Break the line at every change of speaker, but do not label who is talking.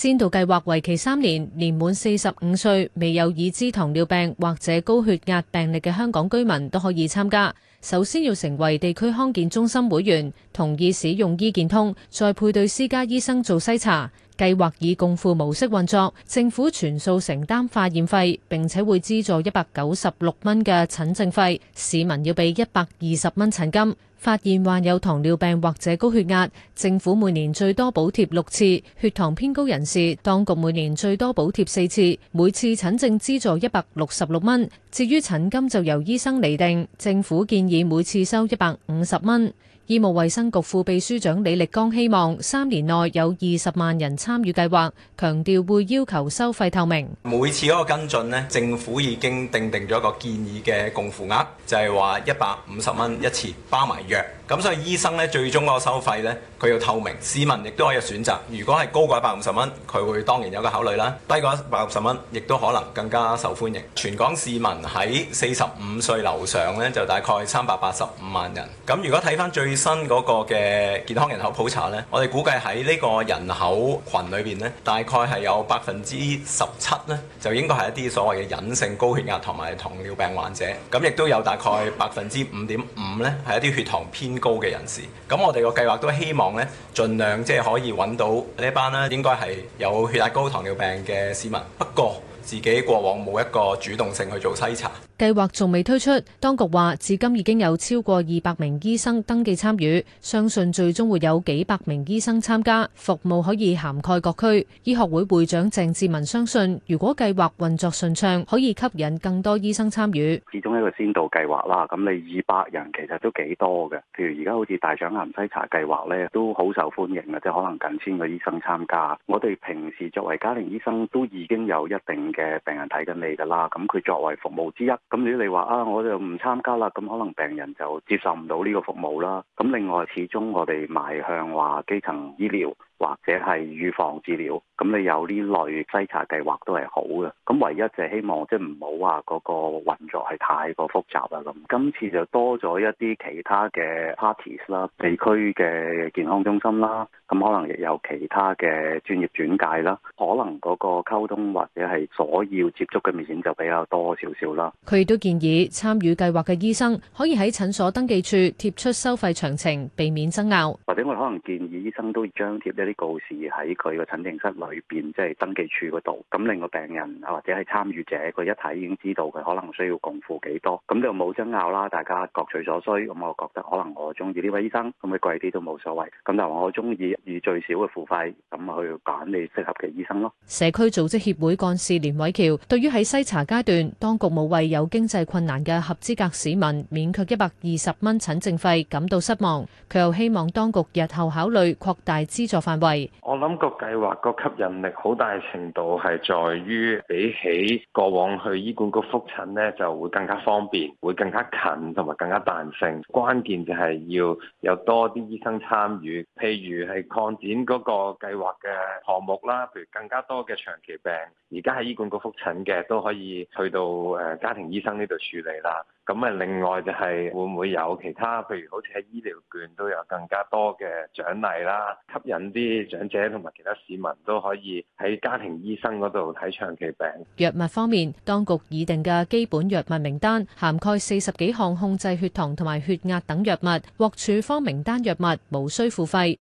先導計劃為期三年，年滿四十五歲、未有已知糖尿病或者高血壓病歷嘅香港居民都可以參加。首先要成為地區康健中心會員，同意使用醫健通，再配對私家醫生做篩查。計劃以共付模式運作，政府全數承擔化驗費，並且會資助一百九十六蚊嘅診症費，市民要俾一百二十蚊診金。發現患有糖尿病或者高血壓，政府每年最多補貼六次；血糖偏高人士，當局每年最多補貼四次，每次診症資助一百六十六蚊。至於診金就由醫生嚟定，政府建議每次收一百五十蚊。醫務衛生局副秘書長，李力剛希望三年內有二十萬人參與計劃，強調會要求收費透明。
每次嗰個跟進咧，政府已經定定咗一個建議嘅共付額，就係話一百五十蚊一次包藥，包埋藥。咁所以醫生咧，最終嗰個收費咧。佢要透明，市民亦都可以選擇。如果係高過一百五十蚊，佢會當然有個考慮啦。低過一百五十蚊，亦都可能更加受歡迎。全港市民喺四十五歲樓上咧，就大概三百八十五萬人。咁如果睇翻最新嗰個嘅健康人口普查咧，我哋估計喺呢個人口群裏邊咧，大概係有百分之十七咧，就應該係一啲所謂嘅隱性高血壓同埋糖尿病患者。咁亦都有大概百分之五點五咧，係一啲血糖偏高嘅人士。咁我哋個計劃都希望。盡量即係可以揾到呢一班咧，應該係有血壓高、糖尿病嘅市民。不過。自己過往冇一個主動性去做篩查。
計劃，仲未推出。當局話，至今已經有超過二百名醫生登記參與，相信最終會有幾百名醫生參加服務，可以涵蓋各區。醫學會會長鄭志文相信，如果計劃運作順暢，可以吸引更多醫生參與。
始終一個先導計劃啦，咁你二百人其實都幾多嘅。譬如而家好似大腸癌篩查計劃呢，都好受歡迎嘅，即係可能近千個醫生參加。我哋平時作為家庭醫生，都已經有一定嘅病人睇緊你㗎啦，咁佢作為服務之一。咁如果你話啊，我就唔參加啦，咁可能病人就接受唔到呢個服務啦。咁另外，始終我哋邁向話基層醫療。或者係預防治療，咁你有呢類篩查計劃都係好嘅。咁唯一就係希望即係唔好話嗰個運作係太過複雜啦。咁今次就多咗一啲其他嘅 parties 啦，地區嘅健康中心啦，咁可能亦有其他嘅專業轉介啦，可能嗰個溝通或者係所要接觸嘅面就比較多少少啦。
佢亦都建議參與計劃嘅醫生可以喺診所登記處貼出收費詳情，避免爭拗。
或者我可能建議醫生都張貼一告示喺佢個診症室裏邊，即係登記處嗰度，咁令個病人或者係參與者，佢一睇已經知道佢可能需要共付幾多，咁就冇爭拗啦，大家各取所需。咁我覺得可能我中意呢位醫生，咁佢貴啲都冇所謂。咁但係我中意以最少嘅付費，咁去揀你適合
嘅醫生咯。社區組織協會幹事連偉喬對於喺篩查階段當局冇為有經濟困難嘅合資格市民免卻一百二十蚊診症費感到失望，佢又希望當局日後考慮擴大資助範圍。我
諗個計劃個吸引力好大程度係在於比起過往去醫管局覆診咧，就會更加方便，會更加近，同埋更加彈性。關鍵就係要有多啲醫生參與，譬如係擴展嗰個計劃嘅項目啦，譬如更加多嘅長期病，而家喺醫管局覆診嘅都可以去到誒家庭醫生呢度處理啦。咁啊，另外就係會唔會有其他，譬如好似喺醫療券都有更加多嘅獎勵啦，吸引啲長者同埋其他市民都可以喺家庭醫生嗰度睇長期病。
藥物方面，當局擬定嘅基本藥物名單涵蓋四十幾項控制血糖同埋血壓等藥物，獲處方名單藥物無需付費。